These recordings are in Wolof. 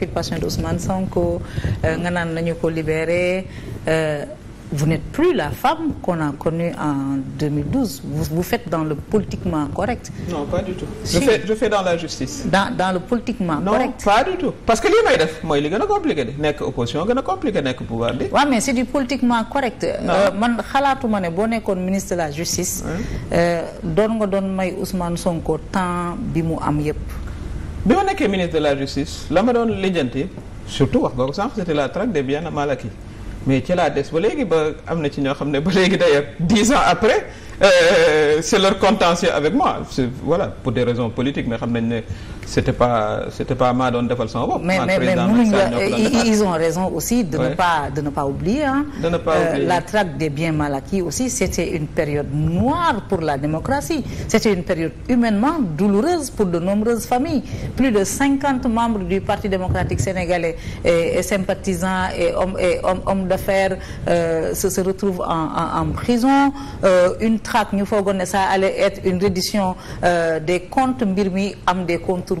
l'inculpation d'Ousmane Sonko euh, nga naan nañu ko libéré euh, vous n'êtes plus la femme qu'on a connue en 2012 vous vous faites dans le politiquement correct. non pas du tout. je si. fais je fais dans la justice. dans dans le correct. parce que lii may def mooy li gën a compliqué nekk opposition gën a compliqué nekk pouvoir bi. waaw mais c'est du politiquement correct. Euh, man xalaatuma ne boo nekkoon ministre de la justice. doon nga doon may Ousmane Sonko temps bi mu am yépp bi ma nekkee ministre de la justice la ma doon lijjanti surtout wax nga ko sànq c'était la traque des biens mal acquis mais ci laa des ba léegi ba am na ci ñoo xam ne ba léegi d'ailleurs dix ans après euh, c'est leur contentieux avec moi c'est, voilà pour des raisons politiques mais xam nañ ne c'était pas c'était pas maa doon defal sama bopp. mais ils ont raison aussi de ouais. ne pas euh, oublier la traque des biens mal acquis c'était une période noire pour la démocratie c'était une période humainement douloureuse pour de nombreuses familles plus de cinquante membres du Parti démocratique sénégalais et, et sympathisants et hommes et hommes hommes d'affaires euh, se retrouvent en en, en prison euh, une traque ñu foogoon ne ça allait être une reddition euh, des comptes mi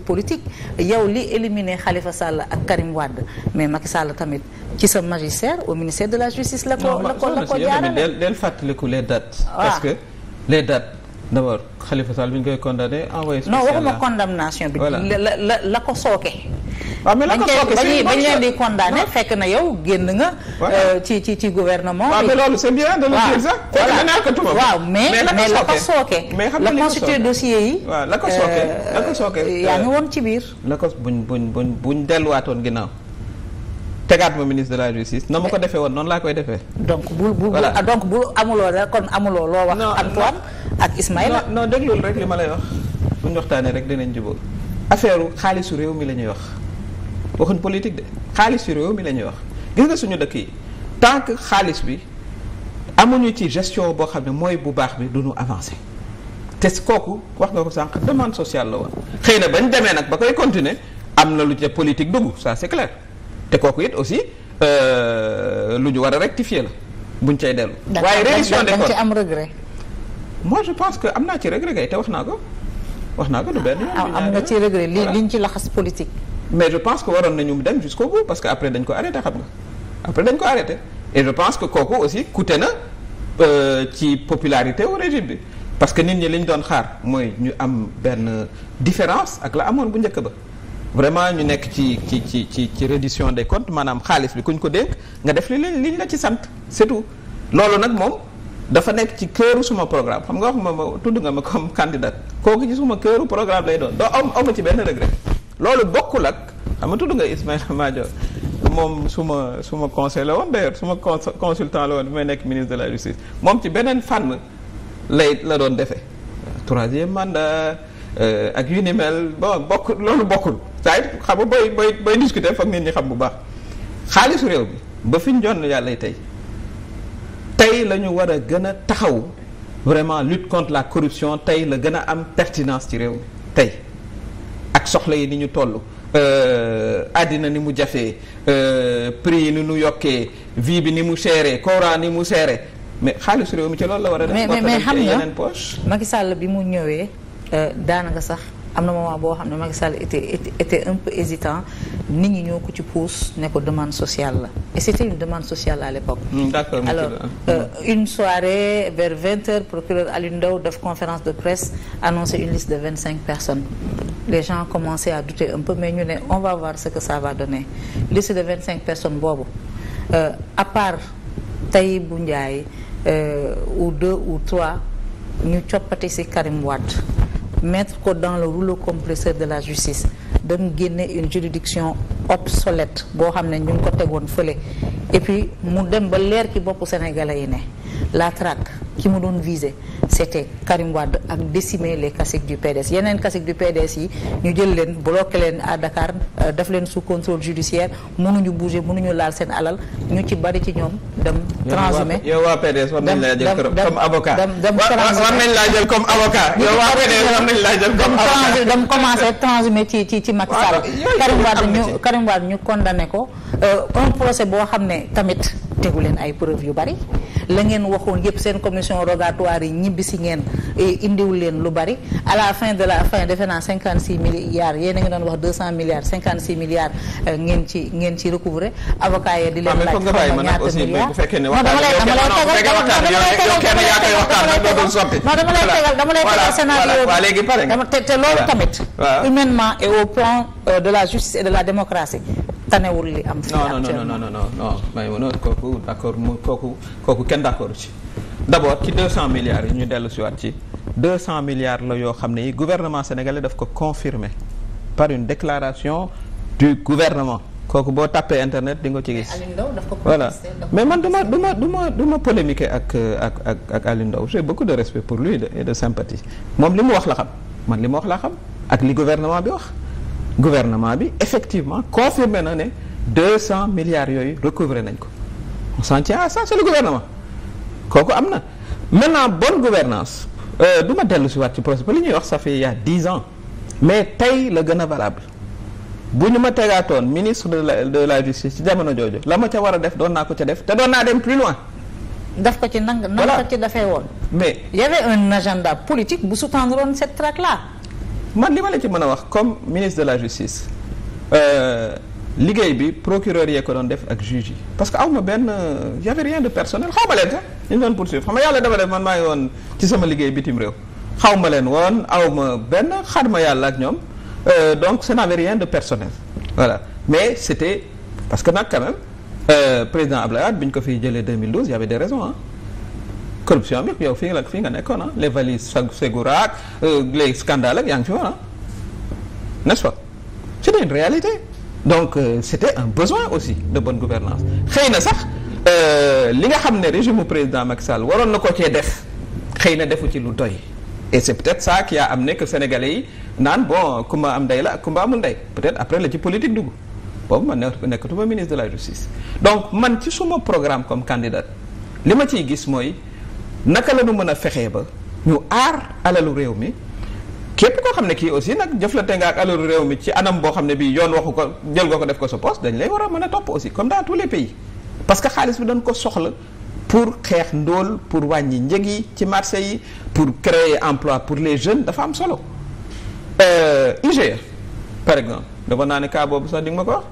discours politique yow li éliminé Khalifa Sall ak Karim Wade mais Macky Sall tamit ci sa magistère au ministère de la justice la ko la ko la ko del fàttaliku les dates ah. parce que les dates d'abord Khalifa Sall bi ñu koy condamné envoyé spécial non waxuma condamnation bi la la la ko sooke waaw mais naka toog dañuy leen di fekk na yow génn nga. Euh, ci ci ci gouvernement bi. waaw mais loolu c'est bien de le dire sax. voilà waaw mais mais la ko sooke. mais xam nga la constitué dossier yi. waaw la ko euh, sooke la ko sooke. Euh, yaa ngi woon ci biir. la ko buñ buñ buñ buñ delluwaatoon ginnaaw. tegaat ma ministre de la justice na ma ko defee woon noonu laa koy defee. donc bu bu ah, donc bu amuloo rek kon amuloo loo wax. Antoine ak Ismaïla. non non déglul rek li ma lay wax. bu ñu waxtaanee rek dinañ jubóo affaire xaalisu réew mi la ñuy wax. waxuñ politique de xaalis yu réew mi la ñuy wax gis nga suñu dëkk yi tant que xaalis bi amuñu ci gestion boo xam ne mooy bu baax bi du nu avancer te kooku wax nga ko sànq demande sociale la woon xëy na bañ demee nag ba koy continuer am na lu ca politique dugg saa c'est clair te kooku it aussi euh, lu ñu war a rectifier la buñ cay dellu. waaye révision des comptes ci am regret. moi je pense que am naa ci regret kay te wax naa ko wax naa ko du benn yoon. Ah, am nga ci regret li ñu ci laxas politique. mais je pense que waroon nañu dem jusqu'au bout parce que après dañ ko arrêté xam nga après dañ ko arrêté et je pense que kooku aussi coûté na euh, ci popularité au régime bi parce que nit ñi li ñu doon xaar mooy ñu am benn différence ak la amoon bu njëkk ba vraiment ñu nekk ci ci ci ci ci reddition des comptes maanaam xaalis bi kuñ ko dénk nga def li leen li ñu la ci sant c'est loolu nag moom dafa nekk ci këru suma programme xam nga wax ma ma tudd nga ma comme candidat kooku ci suma këru programme lay doon doo am am ci benn regret loolu bokkul ak xam nga tudd nga Ismaïla Madior moom suma suma su conseil la woon d'ailleurs su ma consultant la woon bi may nekk ministre de la justice moom ci beneen fànn lay la doon defee troisième mandat euh, ak yu ni mel bon bokkul loolu bokkul saa it xam nga booy booy booy discuter foog nit ñi xam bu baax xaalisu réew bi ba fi ñu jonn yàlla tey tey la ñu war a gën a taxaw vraiment lutte contre la corruption tey la gën a am pertinence ci réew mi tey ak soxla yi ni ñu toll euh, àddina ni mu jafee euh, prix yi ni ñu yokkee vie bi ni mu seeree courant ni mu seeree mais xaalis réew mi ci loolu la war a def mais mais xam nga Macky Sall bi mu ñëwee euh, daanaka sax am na moment boo xam ne Macky Sall était était un peu hésitant nit ñi ñoo ko ci pousse nekku ko demande sociale la et c'était une demande sociale à l'époque hmm, d'accord alors une soirée vers vingt heures procureur Alioune Ndao def conférence de presse annoncer une liste de vingt cinq personnes les gens commençaient à douter un peu mais ñu ne on va voir ce que ça va donner liste de vingt cinq personnes boobu euh, à bu Tahibou Ndiaye euh, ou deux ou trois ñu coppati ci Karim Wade mettre ko dans le rouleau compresseur de la justice dem génne une juridiction obsolète boo xam ne ñu ngi ko tegoon fële et puis mu dem ba leer ci boppu sénégalais yi ne la traque ki mu doon visé c'était Karim Wade ak décimer les caciques du PDS yeneen caciques du PDS yi ñu jël leen bloqué leen à Dakar euh, def leen sous contrôle judiciaire mënuñu bouger mënuñu laal seen alal ñu ci bari ci ñoom dem transhumé yow waa PDS war nañ laa jël comme avocat yow waa PDS war nañ laa jël comme avocat dem commencé transhumé ci ci ci Macky ñu Karim Wade ñu condamné ko euh, un procès boo xam ne tamit tegu leen ay preuve yu bari la ngeen waxoon yëpp seen commission rogatoire yi ñibbi si ngeen e, indiwul leen lu bari à la fin de la fin de naa cinquante six milliards yéen a ngi doon wax deux milliards milliards euh, ngeen ci ngeen ci recouvrer avocat yi di leen ah, laaj xam nga ñaata milliards non dama lay dama lay tegal non dama dama te loolu tamit humainement et au plan euh, de la justice et de la démocratie tanewul li am. fii actuellement non non non non non Maïmouna kooku d'accord mu kooku kooku kenn d'accord ci d'abord ci 200 milliards yi ñu dellu si waat ci 200 milliards la yoo xam ne yi gouvernement sénégalais daf ko confirmé par une déclaration du gouvernement. kooku boo tapé internet di nga ko ci gis voilà mais man du ma du ma du ma du ma polémiquer ak ak ak ak Alioune Ndao j'ai beaucoup de respect pour lui et de sympathie moom li mu wax la xam man li mu wax laa xam ak li gouvernement bi wax gouvernement bi effectivement confirmé na ne deux cent milliards yooyu recouvré nañ ko on s'en tient à ça c'est le gouvernement kooku am na maintenant bonne gouvernance euh, du ma dellu si waat ci procès ba li ñuy wax ça fait il dix ans mais tey la gën a valable bu ñu ma tegaatoon ministre de la de la justice ci jamono jooju la ma ca war a def doon naa ko ca def te doon naa dem plus loin. daf ko ci nang nang ko ci dafay woon. mais y avait un agenda politique bu sous-tendroon cette traque là. man li ma la ci mën a wax comme ministre de la justice euh, liggéey bi procureur yee ko doon def ak juge yi parce que aw ma benn euh, y avait rien de personnel xaw ma leen sax ñu doon poursuivre xam nga yàlla dafa man maa ngi woon ci sama liggéey bitim réew xaw ma leen woon aw ma benn xar ma yàlla ak ñoom euh, donc ça n'avait rien de personnel voilà mais c'était parce que nag quand même président Abdoulaye Wade bi ñu ko fiy jëlee 2012 y avait des corruption bi yow fii nga fii nga nekkoon ah les valises Ségoura ak les ak yaa ngi fi woon ah n'est-ce une réalité donc eh, c'était un besoin aussi de bonne gouvernance xëy na sax eh, li nga xam ne régime président Macky Sall waroon na ko cee def xëy na defu ci lu doy et c'est peut-être ça qui a amené que yi naan bon kumba am ndey la ak kumba amul ndey peut-être après la ci politique dugg boobu man nekkatuma ministre de la justice donc man ci suma naka la ñu mën a fexee ba ñu aar alalu réew mi képp koo xam ne kii aussi nag jëflante nga ak alalu réew mi ci anam boo xam ne bi yoon waxu ko jël nga ko def ko sa poste dañ lay war a mën a topp aussi comme dans tous les parce que xaalis bi dañ ko soxla pour xeex ndool pour wàññi njëg yi ci marché yi pour créer emploi pour les jeunes dafa am solo euh, IGE par exemple dafa naa ne cas boobu sax di nga ma ko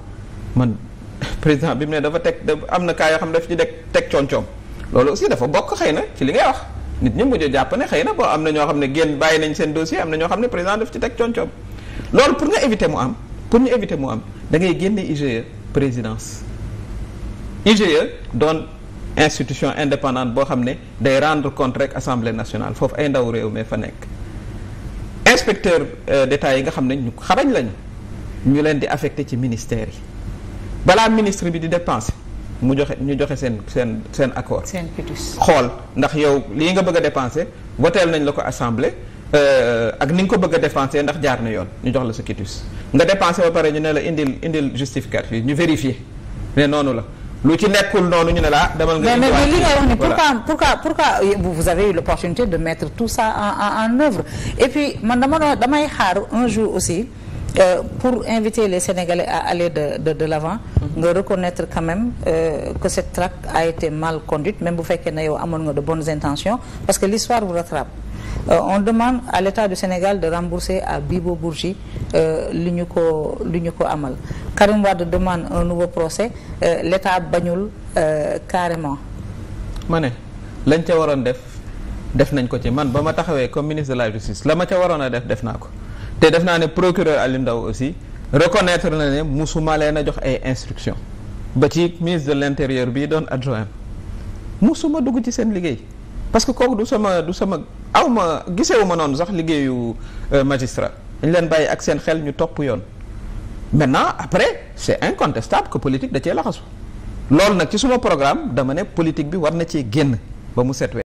man président bi mu ne dafa teg am na cas yoo xam ne daf ci deg teg coom-coom loolu aussi dafa bokk xëy na ci li ngay wax nit ñi mujj a ne xëy na boo am na ñoo xam ne génn bàyyi nañ seen dossier am na ñoo xam ne président daf ci teg cooncoom loolu pour nga éviter mu am pour ñu éviter mu am da ngay génne IGE présidence IGE doon institution indépendante boo xam ne day rendre compte rek assemblée nationale foofu ay ndaw réew mi fa nekk inspecteur euh, d'état yi nga xam ne ñu xarañ lañu ñu leen di affecté ci ministère yi balaa ministre bi di dépenser mu joxe ñu joxe seen seen seen accord. seen pitus xool ndax yow lii nga bëgg a dépenser voteel nañ la ko assemblée euh, ak ni nga ko bëgg a dépenser ndax jaar na yoon ñu jox la sa quitus nga dépenser ba ñu ne la indil indil justificatif ñu vérifier mais noonu la. lu ci nekkul noonu ñu ne laa ah, demal nga. mais mais li ngay wax ni pourquoi pourquoi pourquoi vous avez eu l'opportunité de mettre tout ça en en en œuvre et puis man dama damay xaar un jour aussi. Euh, pour inviter les Sénégalais à aller de de de l'avant mhm. nga mm -hmm. reconnaître quand même euh, que cette traque a été mal conduite même bu fekkee ne yow amoon nga de bonnes intentions parce que l'histoire vous rattrape euh, on demande à l'État du Sénégal de rembourser à Bibo Bourgi euh, li ñu ko li ñu ko amal Karim de demande un nouveau procès euh, l'État bañul euh, carrément ma ne lañ ca waroon def def nañ ko ci man ba ma taxawee comme ministre de la justice la ma ca waroon a def def naa ko te def naa ne procureur Aliou Ndao aussi reconnaître na ne musuma leen a jox ay instructions ba ci ministre de l'intérieur bi doon adjoint musuma dugg ci seen liggéey parce que kooku du sama du sama awma gisewu ma noonu sax liggéeyu euh, magistrat dañ leen bàyyi ak seen xel ñu topp yoon maintenant après c'est incontestable que politique da cee laxasu loolu nag ci suma programme dama ne politique bi war na cee génn ba mu set